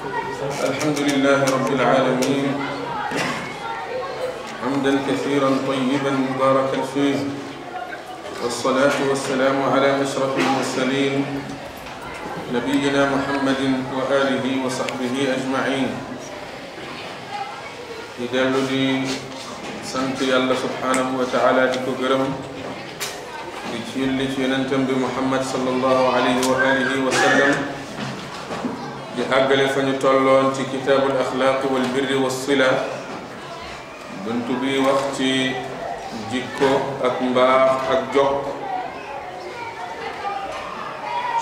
الحمد لله رب العالمين حمدا كثيرا طيبا مباركا فيه والصلاة والسلام على أشرف المرسلين نبينا محمد وآله وصحبه أجمعين di dellu di sant yàlla subhaanahu wa taala di ko gërëm di julli ci yonentam bi Muhammad sallallahu alayhi wa alihi wa sallam di àggale fa ñu tolloon ci kitaabul axlaaqi wal birri wa sila bunt bi wax ci jikko ak mbaax ak jokk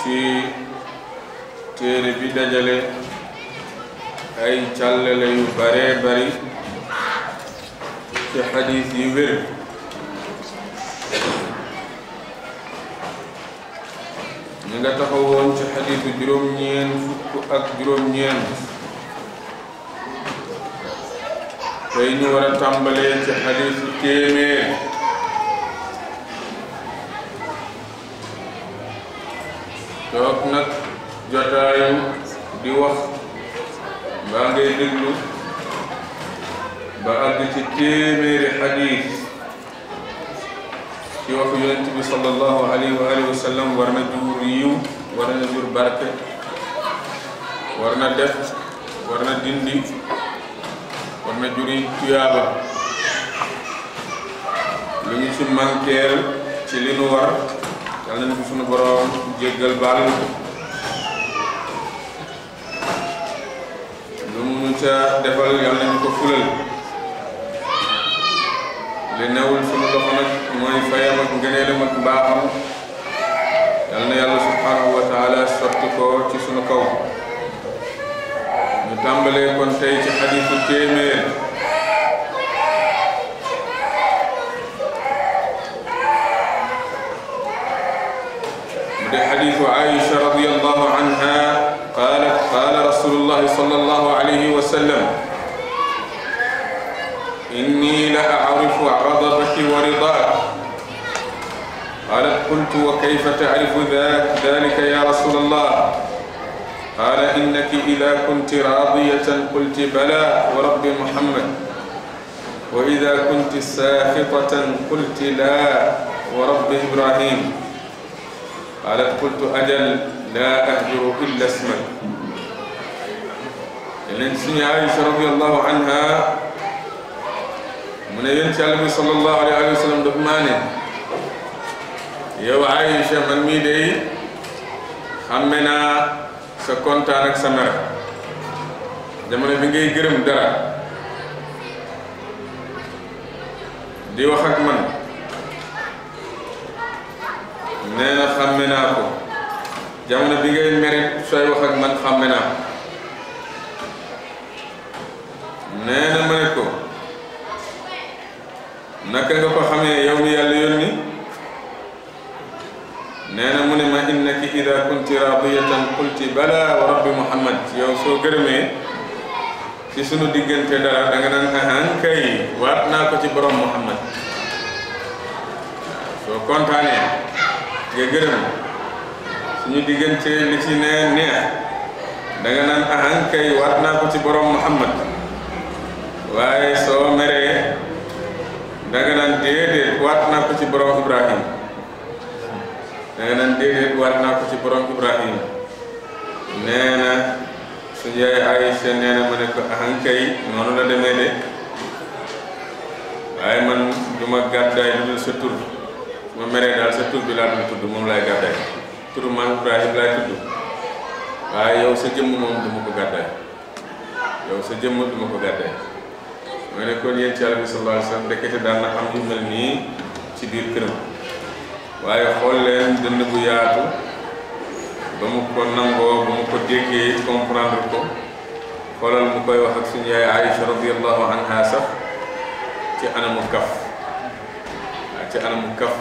ci téere bi dajale ay càllale yu bare bari ci xadiis yi wér ñu nga taxawoon ci xadiisu juróom-ñeen fukk ak juróom-ñeen tey ñu war tàmbalee ci xadiisu téeméer toog nag jotaayam di wax mbaa ngay déglu ba àgg ci téeméeri xadiis ci waxu yonent bi sallallahu alayhi wa alihi wa sallam war na jur yiw war na jur barke war na def war na dindi war na juri tuyaaba lu ñu ci mànkeel ci li nu war yàlla nañu ko sunu boroom jéggal baal lu mu ca defal yàlla nañu ko fulal li newul sunu loxo mooy fayam ak ngëneelam ak mbaaxam yal na yàlla subhanahu wa taala sotti ko ci sunu kaw ñu tàmbalee kon tey ci xadiisu téeméer mu de xadiisu Aïcha radiyallahu anha qaalat qaala rasulullahi sallallahu alayhi wa sallam inni la aarifu aradaaki wa ridaaki قالت قلت وكيف تعرف ذلك يا رسول الله قال إنك إذا كنت راضية قلت بلى ورب محمد وإذا كنت ساخطة قلت لا ورب إبراهيم قالت قلت أجل لا أهجر إلا اسمك yeneen suñu Aïcha radiyallahu anha mu ne yéen ci Yàlla bi sallallahu alayhi wa sallam daf maa ne yow Aïcha man mii dey xàmme naa sa kontaan ak sa mer jamono bi ngay gërëm dara di wax ak man nee na xàmme naa ko jamono bi ngay merit sooy wax ak man xàmme naa ko ma ne ko naka nga ko xamee yow mi yàlla yónni nee na mu ne ma innaki ida kunti radiyatan qulti bala wa rabbi muhammad yow soo gërëmee ci sunu diggante dara da naan ahan kay waat ko ci borom muhammad soo kontaanee ci ne waat naa ko ci borom muhammad waaye soo meree da nga naan déedéet waat naa ko ci borom ibrahim nee na déedéet waat naa ko ci borom Ibrahima nee na yaay Aïcha nee na ma ne ko ahankay noonu la demee de waaye man du ma gàddaay lu dul sa tur ma meree daal sa tur bi laa dul tudd moom laay gàddaay turu maam Ibrahima laay tudd waaye yow sa jëmm moom du ko gàddaay yow sa jëmm du ma ko gàddaay ma ne kon ci Yàlla bi sallallahu alayhi ndekete daan na am yu mel nii ci biir këram waaye xool leen dënn bu yaatu ba mu ko nangoo ba mu ko déggee comprendre ko xoolal mu koy wax ak suñu yaay Aïcha radiallahu anha sax ci anamu kaf ci anamu kaf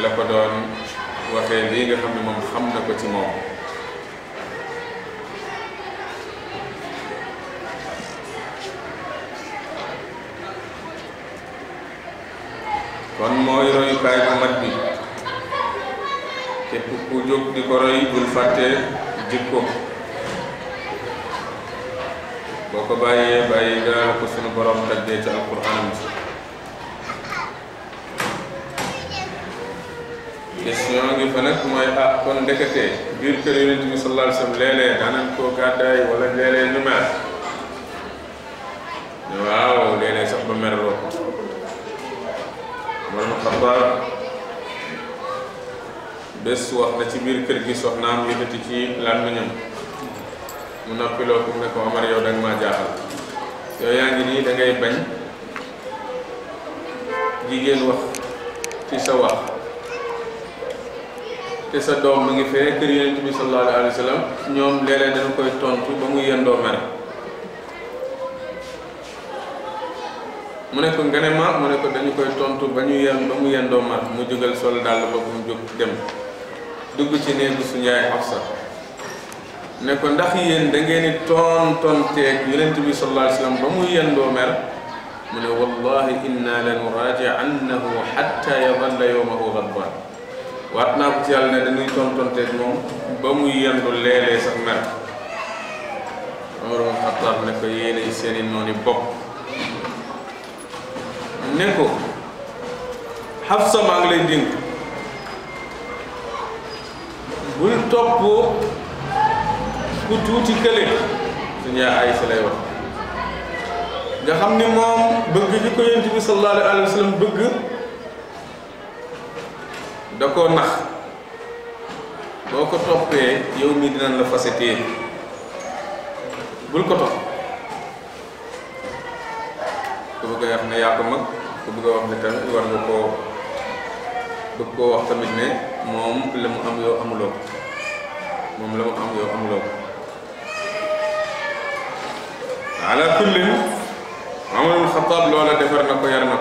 la ko doon waxee lii nga xam ne moom xam na ko ci moom kon mooy royukaay bu mat bi képp ku jóg di ko roy bul fàtte jikko boo ko bàyyee bàyyi nga la ko sunu borom taggee ci alquran question ngi fa nag mooy ah kon ndekete biir kër yonent bi sallallahu alayhi wa sallam léeg koo gàddaay wala léeg-léeg ñu waaw léeg sax ba merloo ko Umar ibn Xattaab bés wax na ci biir kër gi soxnaam yëkkati ci làmmiñam mu noppiloo ko mu ne ko Omar yow danga maa jaaxal yow yaa ngi nii da ngay bañ jigéen wax ci sa wax te sa doom mu ngi fee kër Yonent bi sallallahu alayhi wa ñoom léeg-léeg koy tontu ba mu yendoo mere mu ne ko nga ma mu ne ko dañu koy tontu ba ñu yen ba mu yendoo ma mu jógal sol dàll ba mu jóg dem dugg ci néegu su njaay Xafsa ne ko ndax yéen da ngeen di tontonteeg bi sallallahu ba mu yendoo mer mu ne wallahi inna la nuraaji'annahu hatta yadalla yawmahu ghadban waat naa ko ci yàlla ne dañuy ba mu yendu léeg-léeg sax mer Omar ibn ne ko yéenay seen i noonu bopp ne ko Xafsa maa ngi lay dénk bul topp ku tuuti kële suñu yaay Aysa lay wax nga xam ni moom bëgg ji ko yonent bi sallallahu alayhi bëgg da koo nax boo ko toppee yow mii dinañ la fase téye bul ko topp ku bëgg a wax ne yaa mag ku bëgg a wax ne tamit war nga koo bëgg koo wax tamit ne moom la mu am yoo amuloo moom la mu am yoo amuloo ala kullin Amarul Xataab loola defar na ko yar na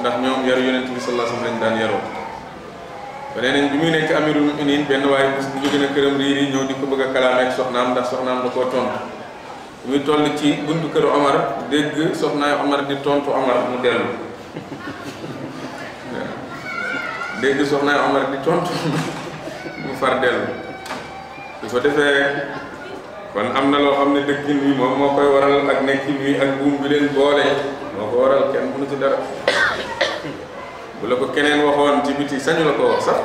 ndax ñoom yaru yonent bi sallallahu alayhi lañ daan yaroo ba nee nañ bi muy nekk amirul muminin benn waaye bés bu jóge na këram riir yi ñëw di ko bëgg a kalaamee ak soxnaam ndax soxnaam da koo tontu. muy toll ci buntu këru Omar dégg soxnaay Omar di tontu Omar mu dellu dégg soxnaay Omar di tontu mu far dellu su ko defee kon am na loo xam ne dëkkin wi moom moo koy waral ak nekkin wi ak buum bi leen boole moo ko waral kenn mënu ci dara bu la ko keneen waxoon ci biti sañu la ko wax sax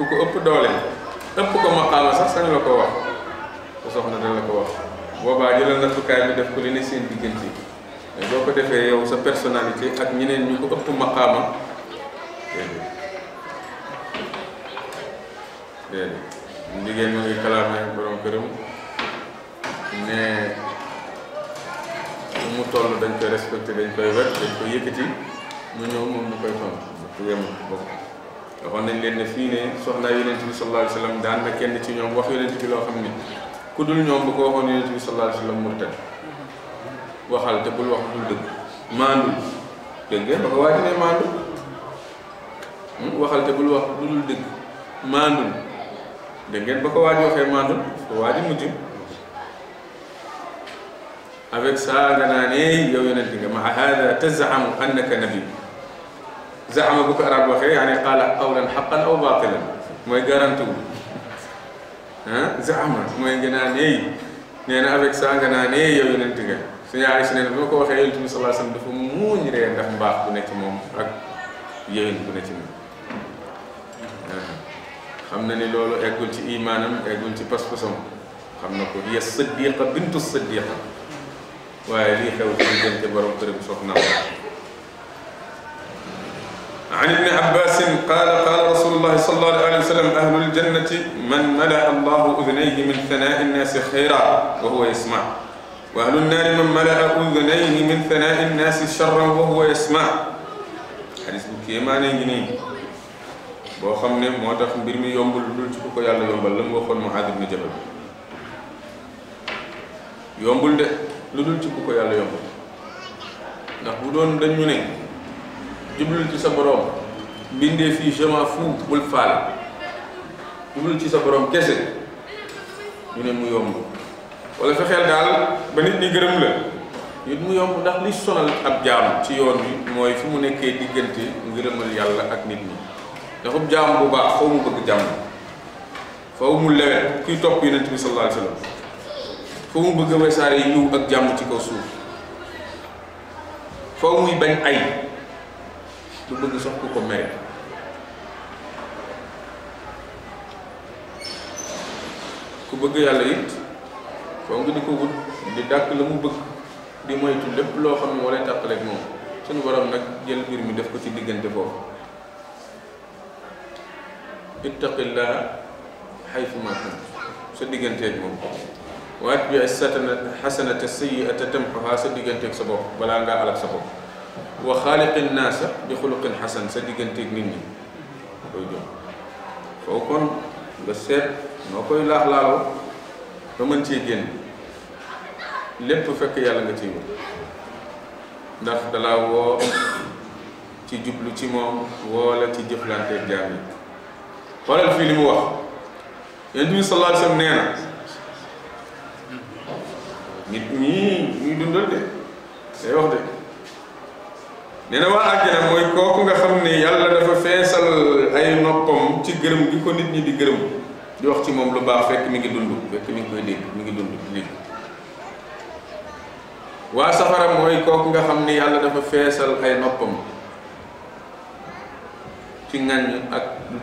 ku ko ëpp doole ëpp ko maqaama sax sañu la ko wax te soxna dana la ko wax boobaa jëlal nattukaay bi def ko li ne seen diggante mais boo ko defee yow sa personnalité ak ñeneen ñu ko ëpp maqaama déedéet déedéet liggéey mu ngi kalaamee borom këram ne su mu toll dañ koy respecté dañ koy wet dañ koy yëkkati mu ñëw moom mu koy tontu bu yemu bokk waxoon nañ leen ne fii ne soxnaa yonent bi sallallahu alayhi wa sallam daan na kenn ci ñoom wax yonent bi loo xam ni ku dul ñoom bu ko waxoon yonent bi sallallahu alayhi wa sallam murtad waxal te bul wax hmm? dul dëgg maandu dégg ngeen ba ko waa ji ne maandu waxal te bul wax dul dëgg maandu dégg ngeen ba ko waa ji waxee maandu ko waa ji mujj avec ça nga naa ne eh, yow yonent nga ma hada tazamu annaka nabi zaama bu ko arab waxee yaani qaala qawlan xaqan aw baatilan mooy garanti wu ah zaama mooy nga naan eey nee na avec ça nga naan eey yow yonent nga suñu Aysa nee na bi ko waxee yonent bi sallallahu alayhi wasallam dafa muuñ ree ndax mbaax bu ne ci moom ak yéwén bu ne ci moom xam na ni loolu eggul ci imaanam eggul ci pas-pasam xam na ko ya siddiqa bintu siddiqa waaye lii xew ci diggante borom an ibni abbasin qaala qaala rasulullahi sallallahu alayhi wa sallam ahlul jannati man malaa allahu udunayhi min thanaa'i nnaasi xayran wa huwa yasma wa ahlun naari man malaa udunayhi min thanaa'i nnaasi sharran wa huwa yasma xadis bu kéemaane ngi nii boo xam ne moo tax mbir mi yombul dul ci ku ko yàlla yombal la mu waxoon Muaad ibn Jabal yombul de lu dul ci ku ko yàlla yombal ndax bu doon dañu ne jublul ci sa boroom mbindee fii je m'en fous bul faale jublul ci sa boroom kese ñu ne mu yomb wala fexeel daal ba nit ñi gërëm la nit mu yomb ndax li sonal ab jaam ci yoon bi mooy fu mu nekkee diggante ngërëmal yàlla ak nit ñi dafa jaam bu baax foo mu bëgg jàmm foo mu lewet kuy topp yonent bi sallallahu alayhi wa sallam foo mu bëgg wesaare yiw ak jàmm ci kaw suuf foo muy bañ ay du bëgg sax ku ko mere ku bëgg yàlla it foo nga di ko wut di dàkk la mu bëgg di moytu lépp loo xam ne moo lay tàqaleeg moom suñu borom nag jël mbir mi def ko ci diggante boobu ittaqillaa xaytu ma kunt sa digganteeg moom waat bi ay a xasanata sayiata tamxoha sa digganteeg sa bopp balaa ngaa alak sa bopp wa xaaliqin naasa bi xuluqin xasan sa digganteeg nit ñi nga koy jox foo kon nga seet noo koy laax laaloo ba mën cee génn lépp fekk yàlla nga ciy wut ndax dalaa woo ci jublu ci moom woola ci jëflanteeg jaam yi xoolal fii li mu wax yonent bi sallallahu nee na nit ñi ñuy dundal de day wax de nee na waa àjjana mooy kooku nga xam ne yàlla dafa feesal ay noppam ci gërëm gi ko nit ñi di gërëm di wax ci moom lu baax fekk mi ngi dund fekk mi ngi koy dégg mi ngi dund di waa safara mooy kooku nga xam ni yàlla dafa feesal ay noppam ci ŋàññ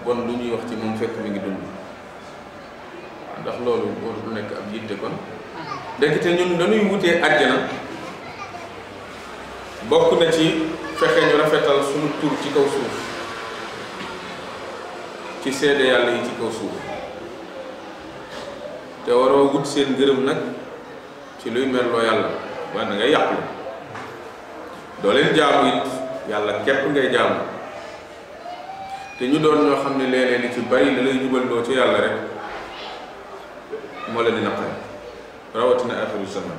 lu ñuy wax ci moom fekk mi ngi dund waaw ndax loolu war du nekk ab yitte kon ndekete ñun dañuy wutee àjjana bokk na ci fexe ñu rafetal suñu tur ci kaw suuf ci seede yàlla yi ci kaw suuf te waroo wut seen gërëm nag ci luy merloo yàlla waaye da ngay doo leen jaamu it yàlla képp ngay jaamu te ñu doon ñoo xam ne léeg-léeg li ci bari da lay juballoo ci yàlla rek moo la di naqare rawatina axiru zaman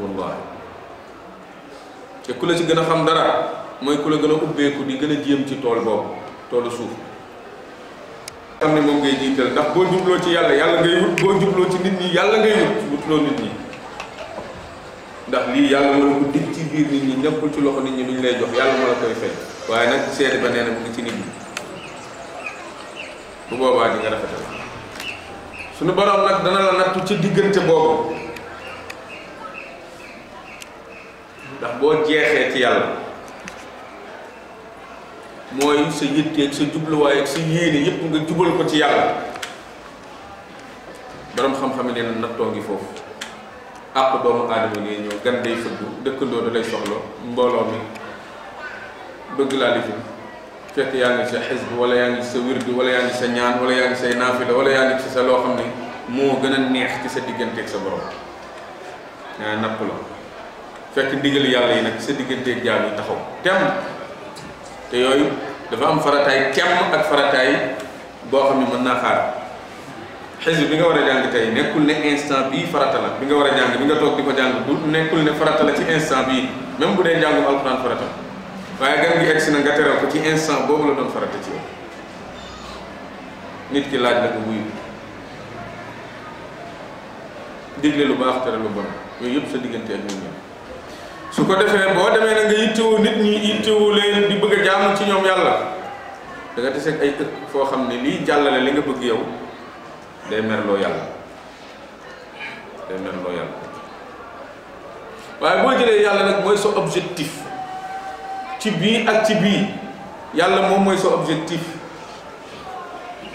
wallahi te ku la ci gën a xam dara mooy ku la gën a ubbeeku di gën a jéem ci tool boobu toolu suuf xam ne moom ngay jiital ndax boo jubloo ci yàlla yàlla ngay wut boo jubloo ci nit ñi yàlla ngay wut wutuloo nit ñi ndax lii yàlla ci biir nit ñi nekkul ci loxo nit ñi lu ñu lay jox yàlla moo la koy fay waaye nag seede ba nee na mu ngi ci nit ñi bu boobaa di nga suñu borom nag dana la nattu ci diggante boobu ndax boo jeexee ci yàlla mooy sa yitteeg sa jubluwaay ak sa yéene yépp nga jubal ko ci yàlla boroom xam-xam yi nee na nattoo ngi foofu àq doomu aadama ngay ñëw gan day fëgg dëkkandoo da soxla mbooloo mi bëgg laa lifi fekk yaa ngi sa xisb wala yaa ngi sa wird wala yaa sa ñaan wala yaa say naafila wala yaa ci sa loo xam ne moo gën a neex ci sa digganteeg sa borom nee na la fekk ndigal yàlla yi nag sa digganteeg jaam yi taxaw temm te yooyu dafa am farataay temm ak farataay boo xam ne mën naa xaar xisb bi nga war a jàng tey nekkul ne instant bii farata la bi nga war a jàng bi nga toog di ko jàng du nekkul ne farata la ci instant bii même bu dee jàngum alxuraan farata waaye gan gi egsi na nga teral ko ci instant boobu la doon farata ci yow nit ki laaj la ko wuyu digle lu baax tere lu bon yooyu yëpp sa diggante su ko defee boo demee na nga yittewu nit ñi yittewu leen di bëgg a jaamu ci ñoom yàlla da nga teseeg ay ëpp foo xam ne lii jàllale li nga bëgg yow day merloo yàlla day merloo yàlla waaye boo jëlee yàlla nag mooy sa objectif ci bii ak ci bii yàlla moom mooy sa objectif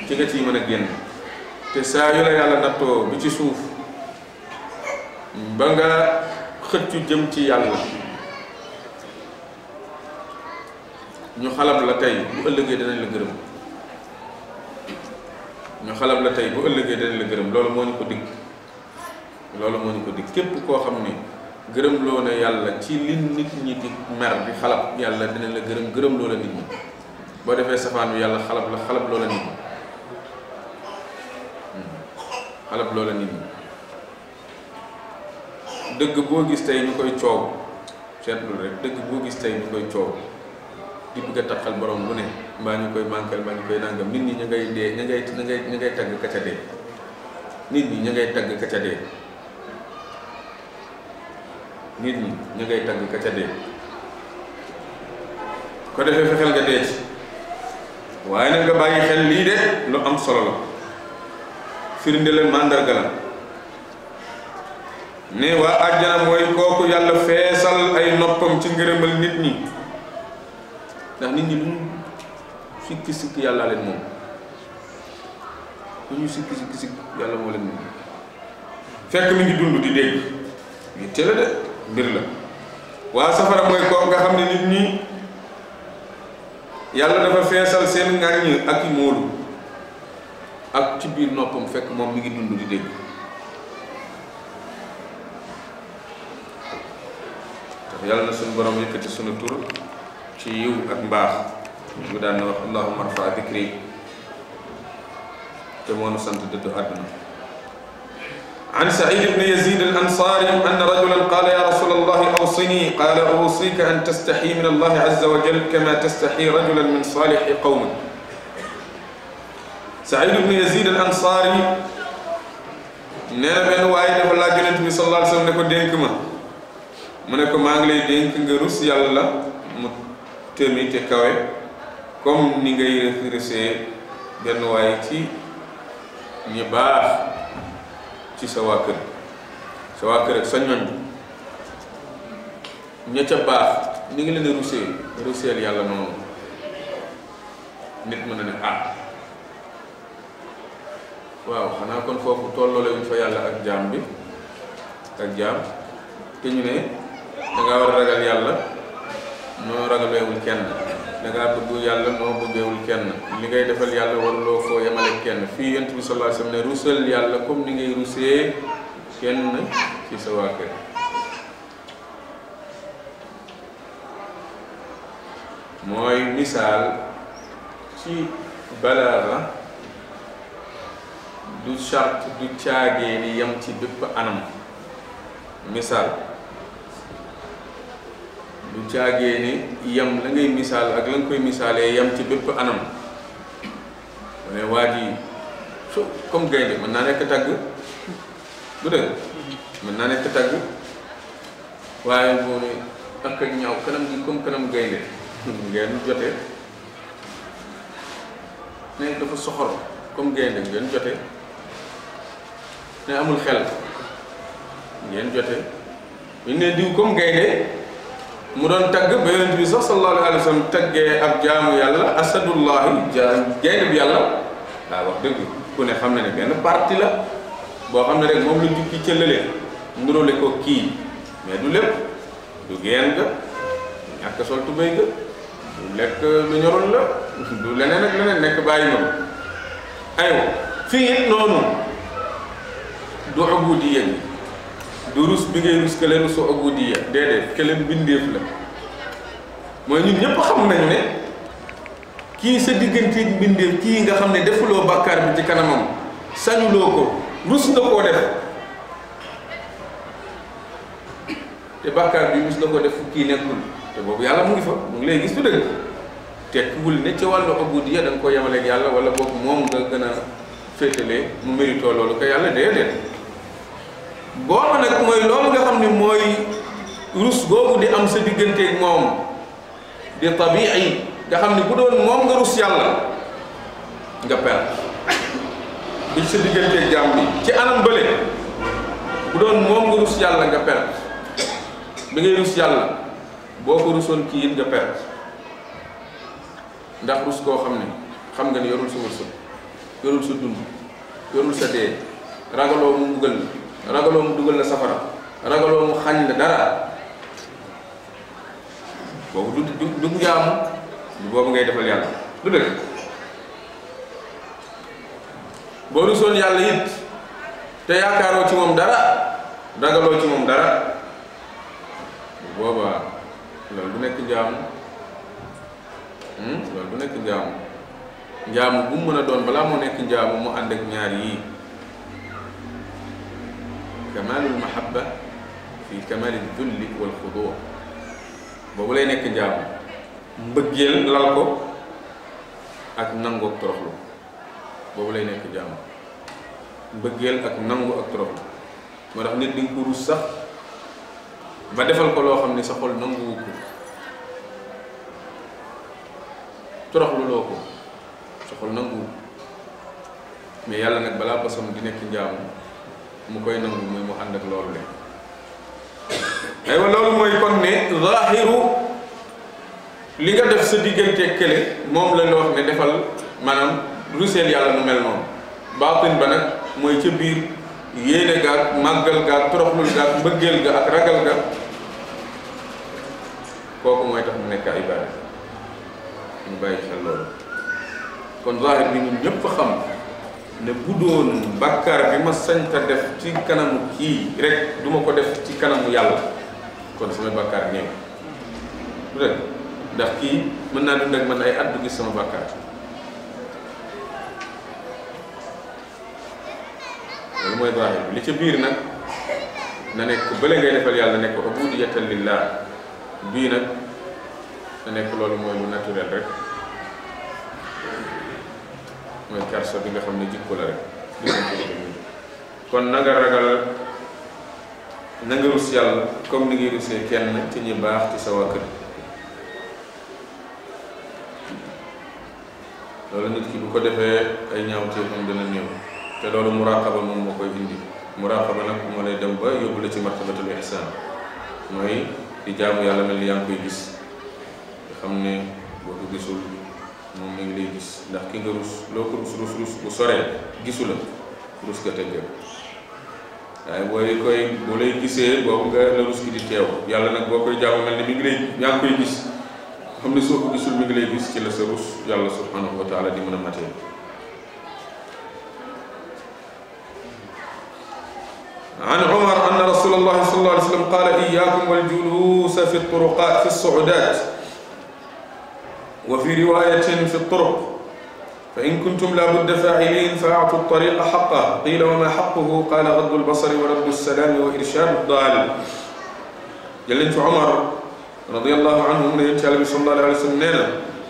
ci nga ciy mën a génn te saa yu la yàlla nattoo bi ci suuf ba nga xëccu jëm ci yàlla ñu xalam la tey bu ëllëgee danañ la gërëm ñu xalab la tey bu ëllëgee dana la gërëm loolu moo ñu ko digg loolu moo ñu ko digg képp koo xam ni gërëm loo na yàlla ci li nit ñi di mer bi xalab yàlla dinañ la gërëm gërëm loo la nit ñi boo defee safaan bi yàlla xalab la xalab loo la nit ñi hmm. xalab loo la nit ñi dëgg boo gis tey ñu koy coow seetlu rek dëgg boo gis tey ñu koy coow di bëgg a taxal borom bu ne mbaa ñu koy manquel mbaa ñu koy nangam nit ñi ñu ngay dee ñu ngay ñu ngay ñu ngay tagg kaca dee nit ñi ñu ngay tagg kaca dee nit ñi ñu ngay tagg kaca dee ko defee fexeel nga dee ci waaye nag nga bàyyi xel lii de lu am solo la firnde la màndarga la ne waa àjjana mooy kooku yàlla feesal ay noppam ci ngërëmal nit ñi ndax nit ñi lu ñu sikki sikki yàlla leen moom ñu sikki sikki sikki yàlla moo fekk mi ngi dund di dégg ñu teel de mbir la waa safara mooy kooku nga xam ne nit ñi yàlla dafa feesal seen ngàññ ak i móolu ak ci biir noppam fekk moom mu ngi dund di dégg yàlla na suñu borom yëkkati suñu tur ci yiw ak mbaax mu daan na wax allahuma arfa dikri te moonu sant dëddu àdduna an said ibn yazid al ansaari anna rajulan qaala ya rasul allah awsini qaala awsika an tastaxi min allah azza wa jal kama tastaxi rajulan min saalixi qawmin said ibn yazid al ansaari nee na benn waaye dafa laaj yonent bi sallallahu alayhi wa sallam ne ko dénk ma mu ne ko maa ngi lay dénk nga rus yàlla mu tëmi kawe comme ni ngay rusee benn waaye ci ñi baax ci sa waa kër sa waa kër ak sa ñoñ ña ca baax ni ngi leen rusee ruseel yàlla noonu nit mën na ne ah waaw xanaa kon foofu tolloo la fa yàlla ak jaam bi ak jaam te ñu ne da ngaa war a ragal yàlla moo ragaleewul kenn da ngaa yàlla noo bëggeewul kenn li ngay defal yàlla waruloo koo yemale kenn fii yent bi sallallahu alayhi yàlla comme ni ngay rusee kenn ci sa waa mooy misaal ci balaaga du charte du caagee ni yem ci bépp anam misaal du caagee ne yem la ngay misaal ak la nga koy misaalee yem ci bépp anam mu ne waa ji su comme gaynde mën naa nekk tagg du dëgg mën naa nekk tagg waaye boo ne ak ak ñaaw kanam gi comme kanam gaynde ngeen jotee ne dafa soxor comme gaynde ngeen jotee amul xel ngeen jotee ñu ne diw comme gaynde mu doon tagg ba yonent bi sax sallallahu alayhi wa sallam taggee ab jaamu yàlla asadullahi jaynab yàlla waaw wax dëgg ku ne xam na ne benn parti la boo xam ne rek moom la jukki cëllalee nurale ko kii mais du lépp du geen ga ñàkk sol tubéy ga du lekk lu ñoroon la du leneen ak leneen nekk bàyyi noonu aywa fii noonu du ubudiya du rus bi ngay rus kële rusu ubudiya déedéet kële mbindeef la mooy ñun ñëpp xam nañ ne kii sa diggante mbindeef kii nga xam ne defuloo bàkkaar bi ci kanamam sañuloo ko rus nga koo def te bàkkaar bi rus nga koo def fu kii nekkul te boobu yàlla mu ngi fa mu ngi lay gis du dëgg tekkiwul ne ci wàllu ubudiya da nga ko yemaleeg yàlla wala boobu moom nga gën a féetalee mu méritoo loolu ko yàlla déedéet boobu nag mooy loolu nga xam ni mooy rus googu di am sa digganteeg moom di tabii nga xam ne bu doon moom nga rus yàlla nga perte di bi ci anam bële bu doon moom nga rus yàlla nga perte bi ngay rus yàlla boo ko rusoon kii nga perte ndax rus koo xam ni xam nga ne yorul sa wërsëg yorul sa dund yorul sa dee ragaloo mu mbugal ragaloo mu dugal la safara ragaloo mu xañ la dara boobu du du du jaamu du boobu ngay defal yàlla du dëgg boo rusoon yàlla it te yaakaaroo ci moom dara ragaloo ci moom dara booba loolu bu nekk njaamu hmm? loolu bu nekk njaamu njaamu bu mu mën a doon balaa moo nekk njaamu mu ànd ak ñaar yii kamaalu mahabba fii kamaali dulli wal xuduwa boobu lay nekk njaamu mbëggeel lal ko ak nangu toroxlu boobu lay nekk njaamu mbëggeel ak nangu ak toroxlu moo tax nit di nga ko sax ba defal ko loo xam ne sa xol nanguwu ko toroxlu loo ko sa xol nanguwu mais yàlla nag balaa basam di nekk njaamu mu koy nangu muy mu ànd ak loolu le aywa loolu mooy kon ne zaahiru li nga def sa diggante kële moom lañ la wax ne defal maanaam ruseel yàlla nu mel noonu baatin ba nag mooy ca biir yéene ga ak màggal ga ak toroxlul ga ak mbëggeel ga ak ragal ga kooku mooy tax mu nekk ay ibaada ñu bàyyi xel loolu kon zaahir bi ñun ñëpp xam ne bu doon bàkkaar bi ma sañta def ci kanamu kii rek du ko def ci kanamu yàlla kon samay bàkkaar néew du rek ndax kii mën naa dund ak man ay at du gis sama bàkkaar loolu mooy baaxee bi li ca biir nag na nekk bële ngay defal yàlla nekk ubudiyatan lillah bii nag na nekk loolu mooy lu naturel rek mooy kersa bi nga xam ne jikko la rek kon na comme ni ngay rusee kenn ci ñi baax ci sa waa ki bu ko defee ay ñaawteefam dana néew te loolu muraqaba moom moo koy indi muraqaba nag moo lay dem ba yóbbu la ci martabatul ihsaan mooy di jaamu yàlla mel ni yaa ngi koy gis nga xam ne boo gisul moom mi ngi lay gis ndax ki nga rus loo ko rus rus rus bu soree gisu la rus ga tëgg waaye booy koy boo lay gisee boobu nga la rus ki di teew yàlla nag boo koy jaamu mel ni mi ngi lay yaa ngi koy gis xam ne soo ko gisul mi ngi lay gis ci la sa rus yàlla subhanahu wa taala di mën a matee an Umar anna rasul allahi sallallahu alayhi wa sallam qala iyakum waljuluusa fi turuqat fi suudat wa fi riwayatin fi turuq fa in kuntum la budda faa'ilin fa a'tu at-tariqa haqqahu qila wa ma haqquhu qala ghaddu al-basari wa raddu as-salami wa irshadu ad-daali jëleen ci Omar radiyallahu anhu mu ne yonent Yàlla bi sallallahu alayhi wa sallam nee na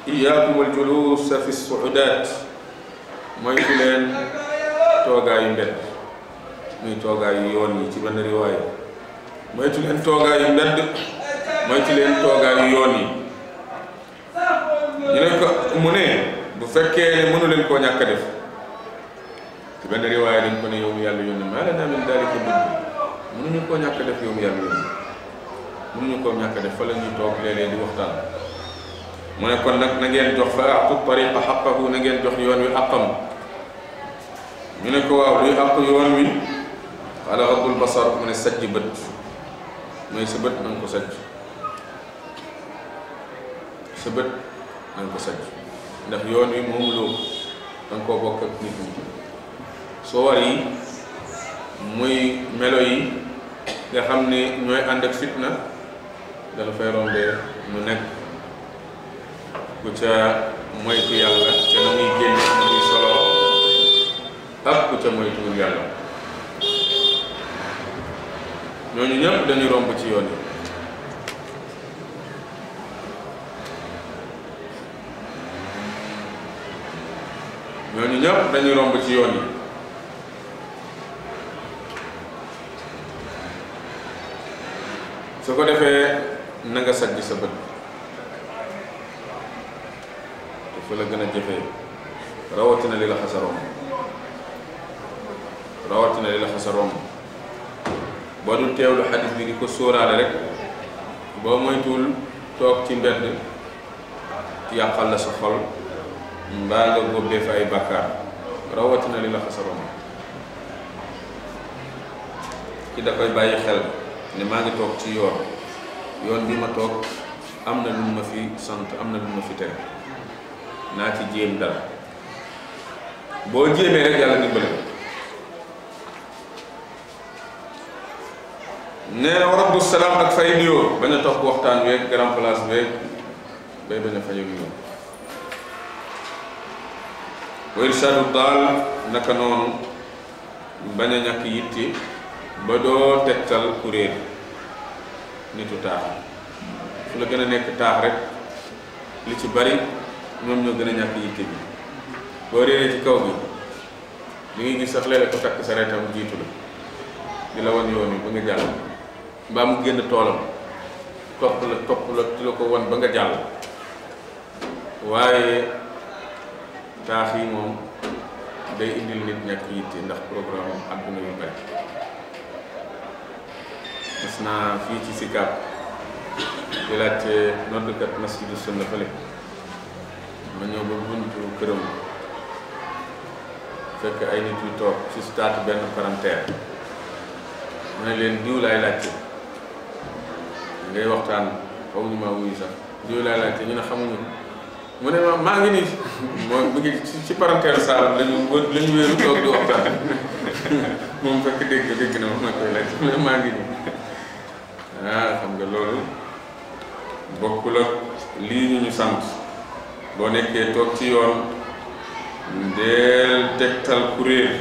iyaakum wal julus fi suudaat moytu leen toogaayu mbedd muy toogaayu yoon yi ci benn riwaaya moytu leen toogaayu mbedd moytu leen toogaayu yoon yi ñu ko mu ne bu fekkee ne mënu leen koo ñàkk def ci benn riwaaya dañ ko ne yow mi yàlla yónni maa lanaa min daalika budd mënuñu koo ñàkk def yow mi yàlla yónni mënuñu koo ñàkk a def di waxtaan mu ne kon nag na ngeen jox fa aqu tariqa xaqahu na ngeen jox yoon wi àqam ñu ne ko waaw luy àq yoon wi xaala rabbul basar mu ne sajj bët mooy sa bët na ko sajj sa bët na nga sajj ndax yoon wi moom loo da koo bokk ak nit ñi soo yi muy melo yi nga xam ni ñooy ànd ak fitna dala fay rombe mu nekk ku ca moytu yàlla ca na muy génne muy solo ak ku ca moytuwul yàlla ñooñu ñëpp dañuy romb ci yoon yi ñooñu ñëpp dañuy romb ci yoon yi su ko defee nanga nga sajj sa bët te fa la gën a jëfee rawatina li la xasa romb rawatina li la xasa romb boo dul teewlu xadis bi di ko sóoraale rek boo moytuwul toog ci mbedd yàqal la sa xol mbaa nga góobee fa ay bàkkaar rawatina li la xasaroon ki dafay bàyyi xel ne maa ngi toog ci yoon yoon bi ma toog am na lu ma fi sant am na lu ma fi tere naa ci jéem dara boo jéemee rek yàlla dimbale nee na waradu salaam ak fay nuyoo bañ a toog waxtaan weeg grand place weeg bay bañ a fajo yoon wa irsaadu daal naka noonu bañ a ñàkk yitti ba doo tegtal kuréel nitu taax fu la gën a nekk taax rek li ci bari moom ñoo gën a ñàkk yitte bi boo réeree ci kaw bi li ngi gis sax léeg-léeg ko takk sareetam jiitu la di la wan yoon yi ba nga jàll mbaa mu génn toolam topp la topp la di la ko wan ba nga jàll waaye taax yi moom day indil nit ñàkk yitte ndax programme am àdduna yu bari gis naa fii ci Sicap di laajte noddkat masjidu sunna fële ma ñëw ba buntu këram fekk ay nit yu toog ci taatu benn palanteer mu leen diw laay laajte ngay waxtaan foog ñu ma wuyu sax diw laay ñu ne xamuñu mu ne maa ngi nii moom mu ngi ci parenteeru saalam lañu lañu wéeru toog di waxtaan moom fekk dégg dégg na ma koy laaj maa ngi nii ah xam nga loolu bokkul ak lii ñu ñu sant boo nekkee toog ci yoon ndeel tegtal kuréel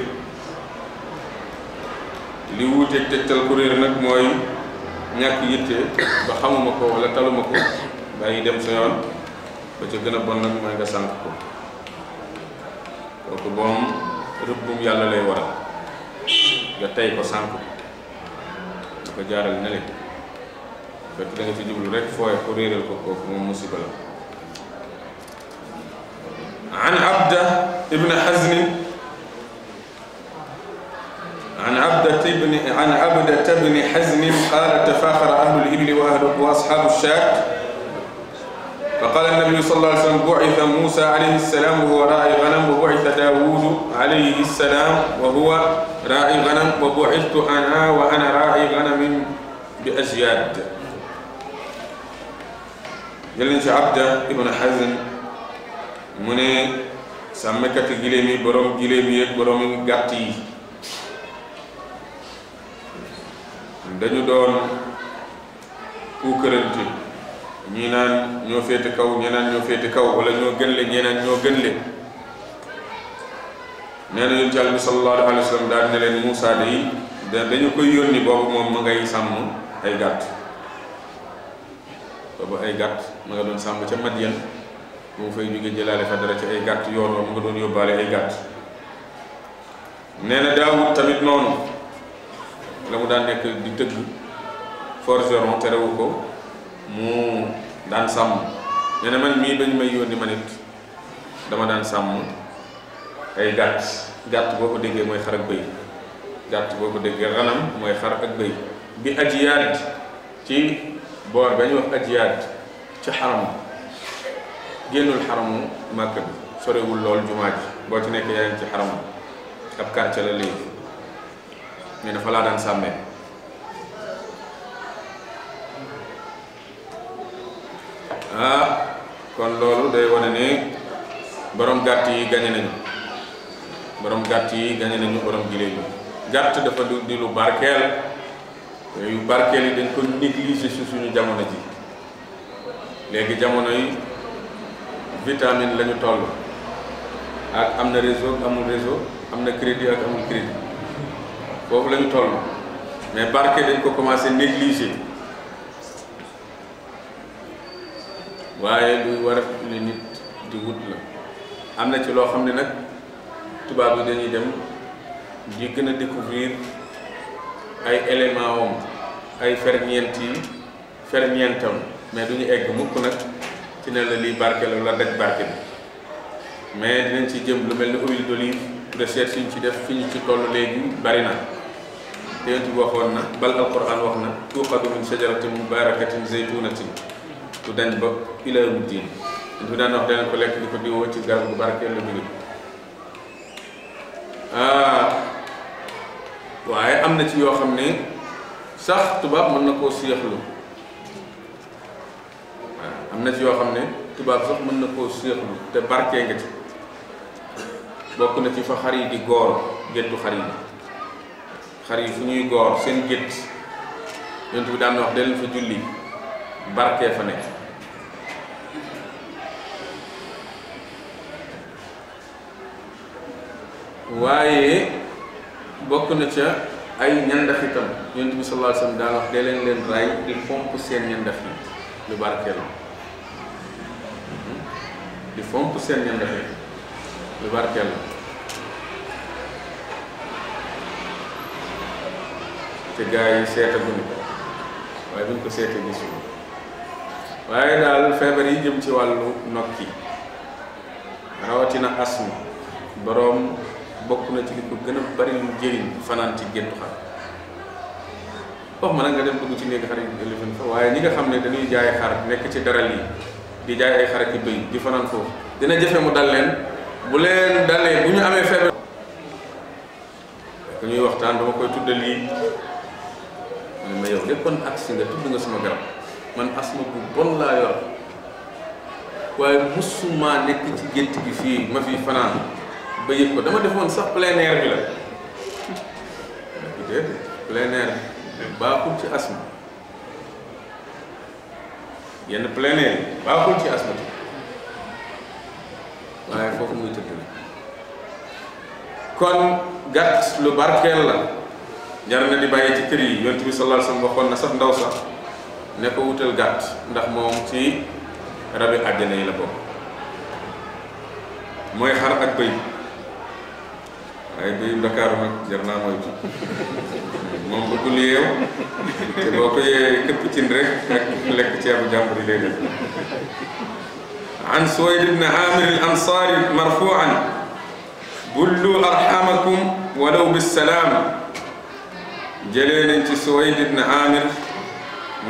li wuuteeg tegtal kuréel nag mooy ñàkk yitte ba xamuma ko wala taluma ko bàyyi dem sa yoon ba ca gën a bon nag mooy nga sànq ko kooku boom rëbbum yàlla lay waral nga tey ko sànq ko nga ko jaaral ne leen fekk da nga ci jublu rek fooye ko réeral ko kooku moom musiba la an abda ibn hazmin عن عبدة بن عن عبدة بن حزم قال تفاخر أهل الإبل وأهل وأصحاب الشاة fa qaala nabiyu sallallahu alayhi wa sallam bu'itha Muusa alayhi salaam wa huwa raa'i ganam wa bu'itha Daawuudu alayhi salaam wa huwa raa'i ganam wa bu'ithtu ana wa ana raa'i ganamin bi ajyaad jël nañ ci Abda ibn Hazm mu ne sàmmkati giléem yi borom giléem yi ak borom gàtt yi dañu doon puukarante ñii naan ñoo féete kaw ñee naan ñoo féete kaw wala ñoo gën le ñee naan ñoo gën le nee na yonent Yàlla bi sallallahu alayhi wa sallam daal ne leen Moussa day da dañu koy yónni boobu moom ma ngay sàmm ay gàtt boobu ay gàtt ma nga doon sàmm ca Madyan bu mu fay jóge jëlaale fa dara ci ay gàtt yoon mu nga doon yóbbaale ay gàtt nee na Daawud tamit noonu la mu daan nekk di tëgg forgeron terewu ko mu daan sàmm nee na man mii bañ may yónni ma nit dama daan sàmm ay gàtt gàtt boo ko déggee mooy xar ak bëy gàtt boo ko déggee ranam mooy xar ak bëy bi ajiyaat ci boor ba ñu wax ajiyaat ci xaram génnul xaramu màkk bi sorewul lool jumaa ji boo ci nekk yaa ci xaram ab quartier la léegi mais dafa laa daan sàmmee ah kon loolu day wane ne boroom gàtt yi gañe nañu boroom gàtt yi gañe nañu borom giléem yi gàtt dafa du di lu barkeel yu barkeel yi dañ ko négliger si suñu jamono ji léegi jamono yi vitamine la ñu toll ak am na réseau amul réseau am na crédit ak amul crédit foofu la ñu toll mais barke dañ ko commencé négliger waaye luy war a li nit di wut la am na ci loo xam ne nag tubaab yi dañuy dem di gën a découvrir ay élément ay ferñeent yi ferñeentam mais duñu egg mukk nag ci ne la lii barke la la daj barke bi mais dinañ ci jëm lu mel ni huile d'olive recherche yi ñu ci def fi ñu ci toll léegi bari na te yonent bi waxoon na bal alquran wax na tuuqadu min shajaratin mubarakatin zaytunatin du dañ ba ilaa bu diin dañ ko daan wax dana ko lekk di ko diwoo ci garab bu barkeel la jóge ah. waaye am na ci yoo xam ne sax tubaab mën na koo séexlu waaw ah, am na ci yoo xam ne tubaab sax mën na koo séexlu te barkee nga ci bokk na ci fa xar yi di goor géttu xar yi xar yi fu ñuy goor seen gétt yonent bi daan wax da leen fa julli barkee fa nekk waaye bokk na ca ay ñandax itam yonent bi sallallahu alayhi wa sallam daan wax dee leen leen raay di fomp seen ñandax lu barkeel hmm? di fomp lu barkeel la te gaa yi seetaguñu ko waaye buñ ko seetee gisuñu waaye daal feebar yi jëm ci wàllu nokki rawatina asma boroom bokk na ci li ko gën bari lu jëriñ fanaan ci géttu xar wax ma nag nga dem dugg ci néeg xar yi lifin waaye ñi nga xam ne dañuy jaay xar nekk ci daral di jaay ay xar ak bëy di fanaan foofu dina jafe mu dal bu leen dalee bu ñu amee feebar ku ñuy waxtaan dama koy tudd lii ne ma yow léppoon agsi nga tudd nga sama garab man asma bu bon laa yor waaye musuma nekk ci gétt gi fii ma fi fanaan ba yëg ko dama defoon sax plein bi la déedéet plein air baaxul ci asma yenn plein baaxul ci asma waaye foofu muy tëdd la kon gàtt lu barkeel la jar na di bàyyi ci kër yi yonent bi sallallahu alayhi wasallam waxoon na sax ndaw sax ne ko wutal gàtt ndax moom ci rabi àjjana yi la bokk mooy xar ak bëy waaye béyum Ndakaaru nag jar naa moytu moom bëggul yeew te boo ko yee këpp cin rek ak lekk ceebu jàmbur yi lay def an Suwayd ibn Amir al Ansaari marfuan bullu arhamakum walaw bisalaam jëlee nañ ci Suwayd ibn Amir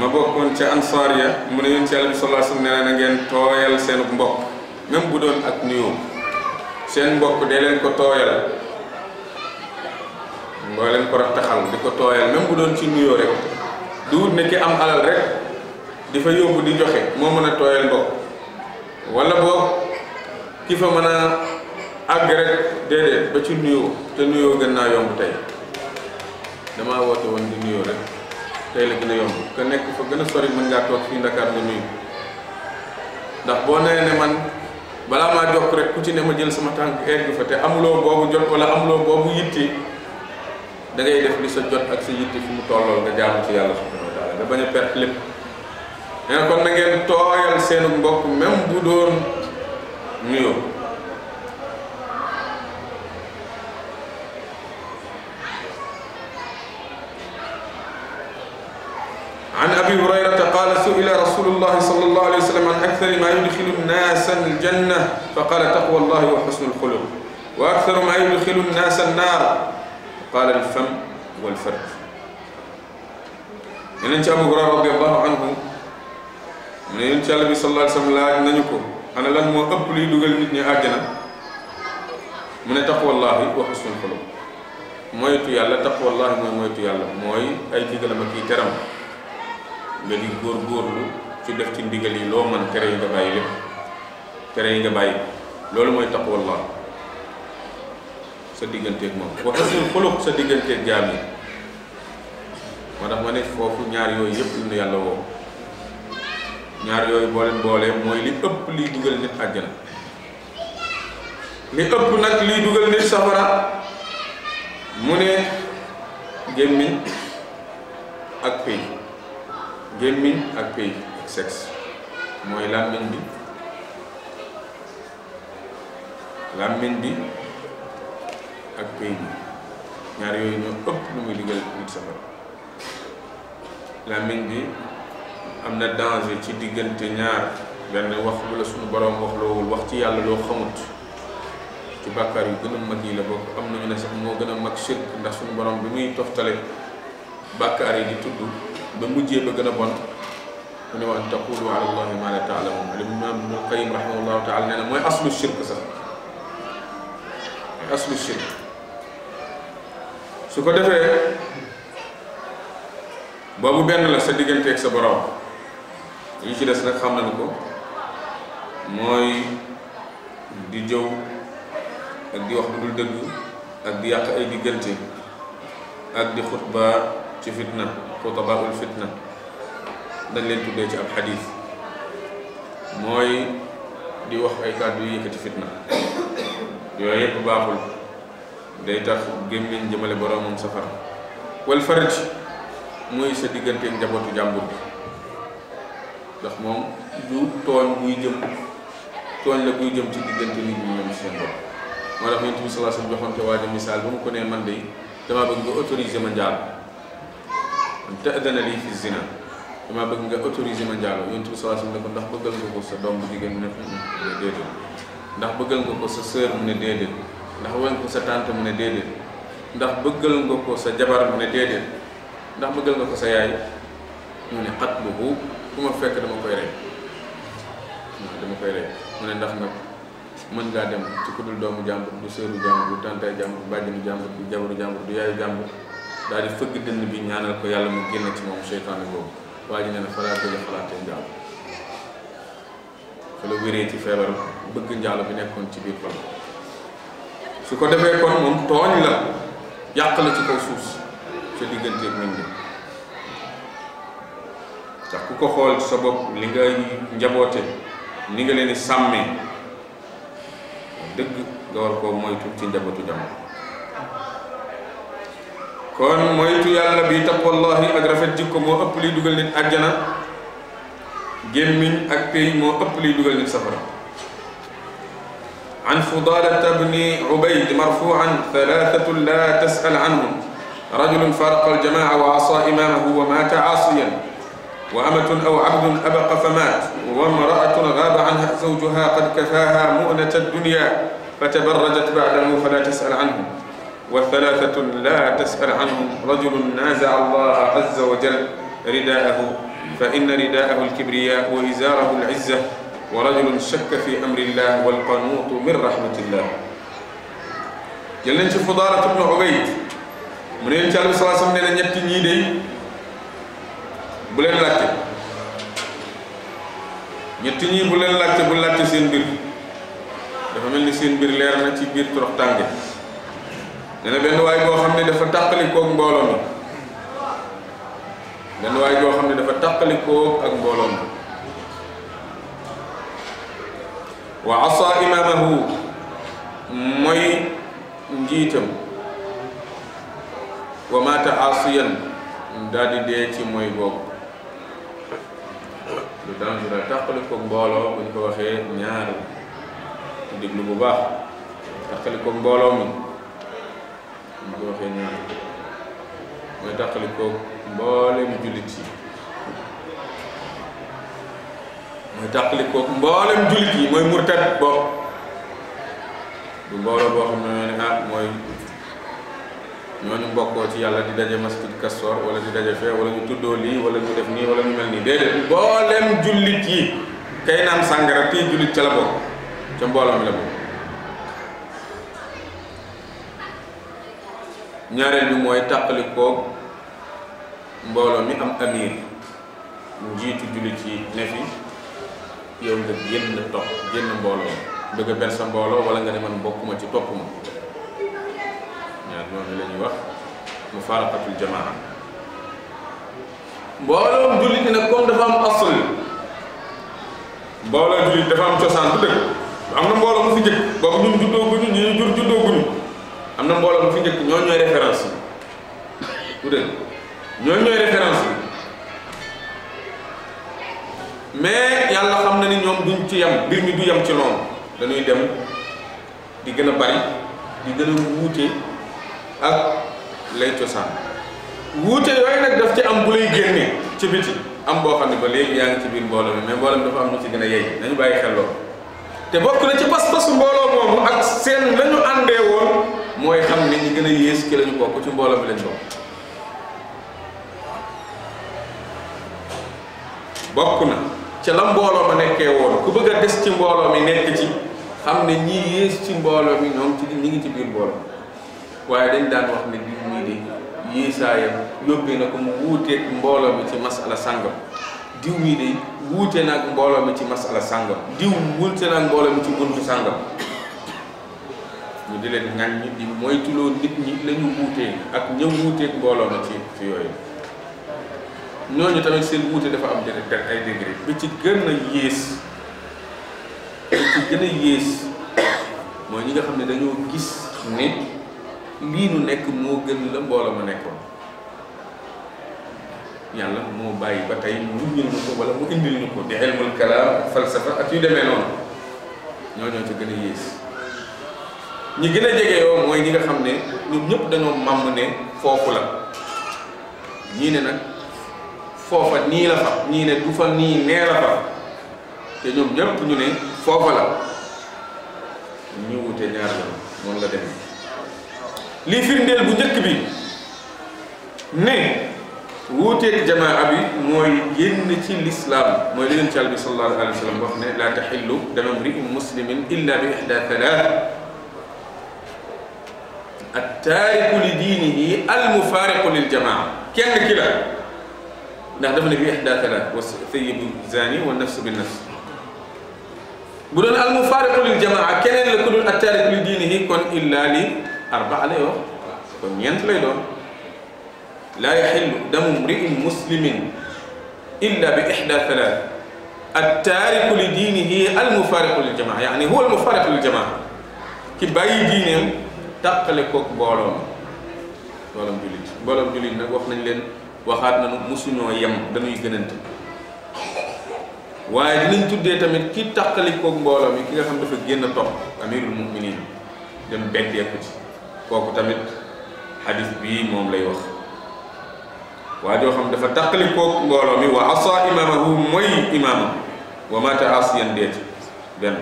ma bokkoon ca ansaar ya mu ne yonent Yàlla bi sallallahu alayhi wa sallam nee na ngeen tooyal seen mbokk même bu doon ak nuyoo seen mbokk dee leen ko tooyal moo leen ko raxtaxal di ko tooyal même bu doon ci nuyoo rek du wut ne ki am alal rek di fa yóbbu di joxe moo mën a tooyal mbokk wala boog ki fa mën a àgg rek déedéet ba ci nuyoo te nuyoo gën naa yomb tey damaa woote woon di nuyoo rek tey la gën a yomb ka nekk fa gën a sori mën ngaa toog fii Ndakaar nga nuyu ndax boo nee ne man balaa maa jokk rek ku ci ne ma jël sama tànk egg fa te amuloo boobu jot wala amuloo boobu yitti da ngay def li sa jot ak sa yitte fi mu tollool nga jaamu ci yàlla subhanahu wa taala nga bañ a perte lépp nee eh, na kon na ngeen tooyal seenu mbokk même bu doon nuyoo an abi hurayrata qala suila rasulullahi sallallahu alayhi wa sallam an akthari ma yudxilu nnaasa aljanna fa qala taqwa allahi wa xusnu alxuluq wa aktharu ma yudxilu nnaasa annaar qaala al fam wal fard yeneen ci Abu Hurayra radiyallahu anhu mu ne yéen ci yàlla bi sallallahu alayhi wa nañu ko ana lan moo ëpp luy dugal nit ñi àjjana mu ne taqwallahi wa husnul xuluq moytu yàlla taqwallahi mooy moytu yàlla mooy ay digalam ak i teram nga di góorgóorlu ci def ci ndigal yi loo mën tere yi nga bàyyi lépp tere yi nga bàyyi loolu mooy taqwallahi sa digganteeg moom wa xasnul xuluq sa digganteeg jaam yi moo tax ma ne foofu ñaar yooyu yëpp lu nu yàlla woo ñaar yooyu boo leen boolee mooy li ëpp liy dugal nit àjjana li ëpp nag liy dugal nit safara mu ne gémmiñ ak pay gémmiñ ak pay ak sexe mooy làmmiñ bi làmmiñ bi ak pay bi ñaar yooyu ñoo ëpp lu muy liggéeyal nit safara làmmiñ bi am na danger ci diggante ñaar de wax bu la suñu borom wax loowul wax ci yàlla loo xamut ci bàkkaar yu gën a mag yi la bokk am nañu ne sax moo gën a mag shirk ndax suñu borom bi muy toftale bàkkaar yi di tudd ba mujjee ba gën a bon mu ne wa an taqulu ala allahi ma la taalamun al imam ibnul qayim rahimahullahu taala nee na mooy aslu shirk sax mooy aslu shirk su ko defee boobu benn la sa diggante ak sa borom yu ci des nag xam nañu ko mooy di jëw a di wax lu dul dëgg ak di yàq ay diggante ak di xutba ci fitna xutabaul fitna dañ leen tuddee ci ab xadiis mooy di wax ay kàddu ci fitna yooyu yëpp baaxul day tax gémmiñ jëmale boroomam safara wal faraj muy sa digganteeg njabootu jàmbur bi ndax moom du tooñ buy jëm tooñ la buy jëm ci diggante nit ñi ñoom seen bopp moo tax yonent bi sallallahu alayhi wa waa misaal ba mu ko nee man de damaa bëgg nga autoriser ma njaal man ta'dana lii fi zina nga autoriser ma njaal yonent bi sallallahu alayhi wa sallam ne ko ndax bëggal nga ko sa doom bu jigéen mu ne déedéet ndax bëggal nga ko sa sœur mu ne déedéet ndax wan ko sa tante mu ne déedéet ndax bëggal nga ko sa jabar mu ne déedéet ndax bëggal nga ko sa yaay mu ne xat boobu ku ma fekk dama koy rey mu ne ndax nag mën ngaa dem ci ku dul doomu jàmbur du seeru jàmbur du tantay jàmbur du bàjjinu jàmbur du jabaru jàmbur du yaayu jàmbur daal di fëgg dënn bi ñaanal ko yàlla mu génn ci moom seytaane boobu waa ji nee na falaa bëgg xalaatee njaalo fa wéree ci feebar bëgg njaalo bi nekkoon ci biir xol su ko defee kon moom tooñ la yàq la ci kaw suus sa digganteeg nit ñi ndax ku ko xool sa bopp li ngay njaboote ni nga leen di sàmmee dëgg nga war koo moytu ci njabootu jamono kon moytu yàlla bi taqwallahi ak rafet jikko moo ëpp liy dugal nit àjjana gémmiñ ak pay moo ëpp liy dugal nit safara عن فضالة بن عبيد مرفوعا ثلاثة لا تسأل عنهم رجل فارق الجماعة وعصى إمامه ومات عاصيا وأمة أو عبد أبق فمات وامرأة غاب عنها زوجها قد كفاها مؤنة الدنيا فتبرجت بعده فلا تسأل عنهم والثلاثة لا تسأل عنهم رجل نازع الله عز وجل رداءه فإن رداءه الكبرياء وإزاره العزة wa rajulun shakka fi amrillah wal qanuutu min rahmatillah jël nañ ci Fudaalat ibnu Ubayd mu ne ci albi salaasam nee na ñetti ñii de bu leen laajte ñetti ñii bu leen laajte bu laajte seen mbir dafa mel ni seen mbir leer na ci biir torox tànge nee na benn waay boo xam ne dafa tàqali koog mbooloo mi waay boo xam ne dafa tàqali koog ak mbooloo mi wa asa imaamahu mooy njiitam wa maata asiyan daal dee ci mooy boobu lu dangereux tàqali ko mbooloo bu ñu ko ñaari ci bu baax tàqali ko mbooloo mi bu ñu ñaari mooy tàqali ko mboolem jullit yi mooy tàqali kooku mboolem jullit yi mooy murtad boobu du mbooloo boo xam ne ñoo ne ah mooy ñooñu mbokkoo ci yàlla di daje masjid Kastoor wala di daje fee wala ñu tuddoo lii wala ñu def nii wala ñu mel nii déedéet mboolem jullit yi kay naan sàngara kii jullit ca la bokk ca mbooloo mi la bokk ñaareel bi mooy tàqali mbooloo mi am amir njiitu jullit yi ne fi yow nga génn topp génn mbooloo dëgg a ber sa mbooloo wala nga ne man bokkuma ci topp ma ñaar noonu la ñuy wax mu faraqatul jamaa mbooloom jullit ni nag comme dafa am asl mbooloo jullit dafa am cosaan bu dëkk am na mbooloo mu fi njëkk boobu ñun juddoo guñu ñu jur juddoo guñu am na mbooloo mu fi njëkk ñoo ñooy référence yi bu dëgg ñoo ñooy référence yi mais yàlla xam na ni ñoom duñ ci yem mbir mi du yem ci noonu dañuy dem di gën a bari di gën a wuute ak lay cosaan wuute yooyu nag daf ci am bu lay génnee ci biti am boo xam ne ba léegi yaa ngi ci biir mbooloo mi mais mbooloo mi dafa am ñu ci gën a yey nañu bàyyi xel te bokk na ci pas-pasu mbooloo moomu ak seen lañu àndee mooy xam gën a yées ki lañu bokk ci mbooloo mi lañu bokk bokk na ca la mbooloo ma nekkee woon ku bëgg a des ci mbooloo mi nekk ci xam ne ñii yées ci mbooloo mi ñoom ci ñu ngi ci biir mbooloo waaye dañ daan wax ne na ko mu wuuteeg mbooloo mi ci masala sàngam diw mii de wuute naag mbooloo mi ci masala sàngam diw wuute naag mbooloo mi ci buntu sàngam ñu di leen ñaan ñi di moytuloo nit ñi la ñu ak ñëw wuuteeg mbooloo mi ci fi yooyu ñooñu tamit seen wuute dafa am dégg ay degré bi ci gën a yées bi ci gën a yées mooy ñi nga xam ne dañoo gis ne lii nu nekk moo gën la mbooloo mu nekkoon yàlla moo bàyyi ba tey mu ñu ko wala mu indil ñu ko di ilmul kalaam ak falsafa ak yu demee noonu ñoo ci gën a yées ñi gën a jege yoo mooy ñi nga xam ne ñun ñëpp dañoo màmm ne foofu la ñii ne nag foofa nii la fa ñii ne du fa nii nee la fa te ñoom ñëpp ñu ne foofa la ñu wute ñaar yoon noonu la demee lii firndeel bu njëkk bi ne wuuteeg jamaa bi mooy génn ci lislaam mooy li leen ci àl bi sallallahu alayhi wa wax ne laa taxillu dama mri'in muslimin illa bi ihda thalath at li diinihi al lil jamaa kenn ki ndax dafa ne bi ihdaa talaat wa sayyibu zaani wa nafsu bi nafs bu doon al mufaariqu lil jamaa keneen la ku dul attaariku li diinihi kon illaa li arbaa lay wax kon ñeent lay doon laa yaxillu damu mriin muslimin illa bi ihdaa talaat attaariku li diinihi al mufaariqu lil jamaa yaani huwa al mufaariqu lil jamaa ki bàyyi diineem tàqale koog mbooloom mbooloom jullit mbooloom jullit nag wax nañ leen. waxaat nañu mosuñoo yem dañuy gënante waaye dinañ tuddee tamit ki tàqalikoog mbooloo mi ki nga xam dafa génn topp amirul muminin dem beddeeku ci kooku tamit xadis bii moom lay wax waa joo xam dafa tàqalikoog mbooloo mi wa asa imaamahu mooy imaamam wa mata asiyan deet benn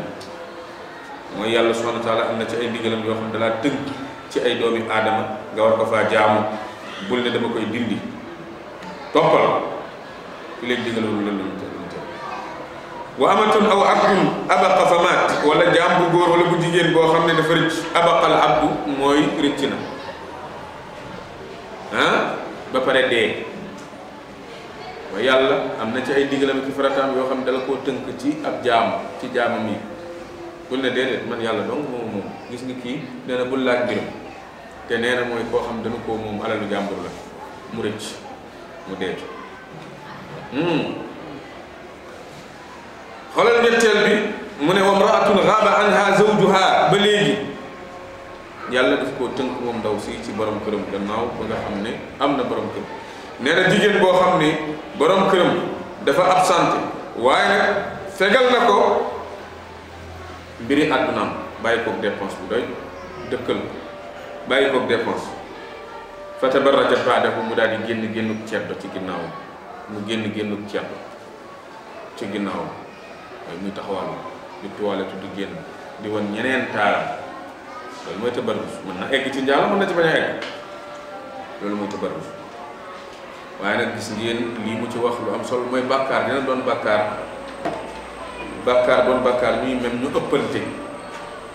mooy yàlla subhanahu wa taala am na ci ay ndigalam yoo xam dalaa tënk ci ay doomi aadama nga war ko faa jaamu bul ne dama koy dindi toppal ki leen digaloon lan lañu tëdd wa amatun aw abdun abaqa fa maat wala jaam bu góor wala bu jigéen boo xam ne dafa rëcc abaqal abdu mooy rëcc na ah ba pare dee wa yàlla am na ci ay digalam ci farataam yoo xam ne dala koo tënk ci ab jaam ci jaamam yi bul ne déedéet man yàlla dong moom moom gis nga kii nee na bul laaj mbiram te nee na mooy koo xam dana koo moom alalu jàmbur la mu rëcc mu dee hmm. xoolal ñetteel bi mu ne wa mraatun xaaba anha zawjuha ba léegi yàlla daf koo tënk moom ndaw si ci borom këram gannaaw ba nga xam ne am na borom këram nee na jigéen boo xam ne boroom këram dafa absenté waaye nag fegal na ko mbiri àddunaam bàyyi koog dépense bu doy dëkkal bàyyi koog dépense fa tabarraja ko mu daal di génn génnuk ceddo ci ginnaawam mu génn génnuk ceddo ci ginnaawam mooy muy taxawal di tuwaletu di génn di wan ñeneen taaram loolu mooy tabarrus mën na egg ci njaalo mën na ci bañ a egg loolu mooy tabarrus waaye nag gis ngeen lii mu ci wax lu am solo mooy bàkkaar dina doon bàkkaar bàkkaar doon bàkkaar ñuy même ñu ëppante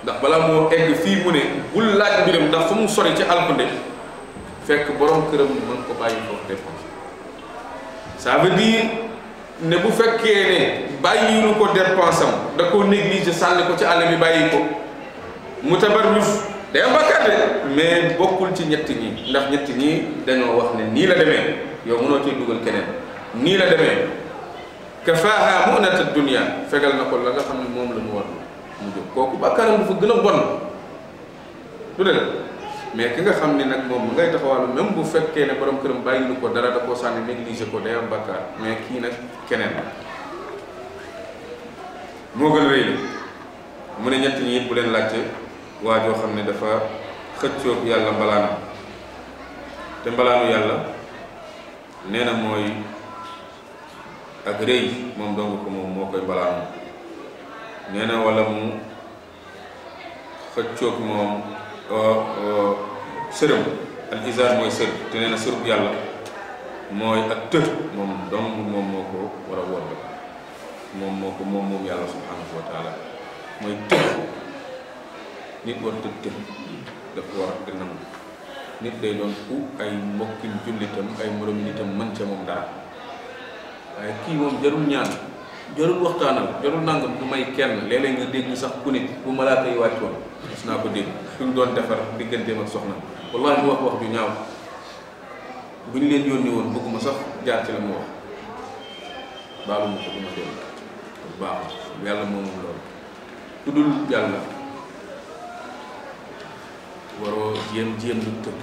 ndax balaa moo egg fii mu ne bul laaj mbiram ndax fu mu sori ci alkunde fekk borom këram mën ko bàyyi foofu dépense ça ne bu fekkee ne bàyyilu ko dépense am da ko négligé sànni ko ci àll bi bàyyi ko mu tabarrus day am bakkaar de mais bokkul ci ñett ñi ndax ñetti ñi dañoo wax ne nii la demee yow mënoo cee dugal keneen nii la demee kafaaha munata dunia fegal na ko la nga xam ne moom la mu war mu jóg kooku bakkaaram dafa gën a bon du dëgg mais ki nga xam ni nag moom mu ngay taxawal même bu fekkee ne borom këram bàyyilu ko dara da koo sànni négligé ko day am bakkaar mais kii nag keneen la moo gën rëy mu ne ñett ñi bu leen laajte waa joo xam ne dafa xëccoog yàlla mbalaanam te mbalaanu yàlla nee na mooy ak rëy moom dong ko moom moo koy mbalaanu nee na mu xëccoog moom Euh, euh, sërëm al izar mooy sër te nee na sërub yàlla mooy ak tër moom donc moom moo ko war a wodda moom moom yàlla subhanahu wa taala mooy tër nit war tëj tër daf war a nangu nit day doon ku ay mbokkim jullitam ay moromi nitam mën ca moom dara waaye kii moom jarul ñaan jarul waxtaanal jarul nangam du may kenn léeg-léeg nga dégg sax ku nit bu malaaka yi wàcc woon gis naa ko dégg kuñ doon defar digganteem ak soxna wallahi mu wax wax ju ñaaw bu ñu leen yónnee woon bëgguma sax jaar ci la mu wax baalu ma ko du ma dem bu baax yàlla moomum loolu ku dul yàlla waroo jéem jéem lu tëdd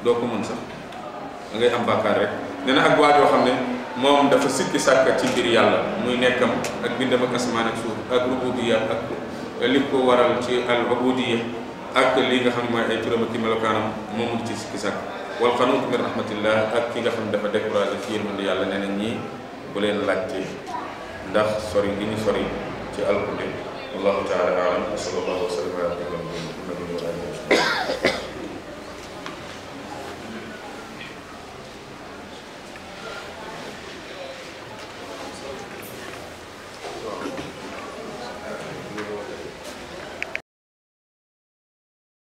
doo ko mën sax a ngay am bàkkaar rek nee na ak waa joo xam ne moom dafa sikki sàkka ci mbir yàlla muy nekkam ak bindam ak asamaan ak suuf ak rububiya ak li ko waral ci al ubudiya ak li nga xam ne mooy ay turam ak i melokaanam moomu di ci sikki sàkk wal xanuut min rahmatillah ak ki nga xam ne dafa découragé ci yërmande yàlla nee nañ bu leen laajte ndax sori gi ñu sori ci alxuraan wallahu taala alam wa sallallahu wa sallam ala